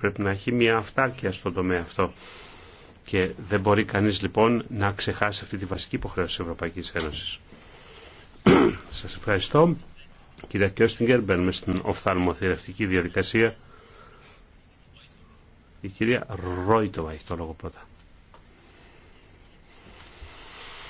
πρέπει να έχει μια αυτάρκεια στον τομέα αυτό. Και δεν μπορεί κανείς λοιπόν να ξεχάσει αυτή τη βασική υποχρέωση της Ευρωπαϊκής Ένωσης. Σας ευχαριστώ. Κυρία Κιώστιγκερ, μπαίνουμε στην οφθαλμοθερευτική διαδικασία. Η κυρία Ρόιτοβα έχει το λόγο πρώτα.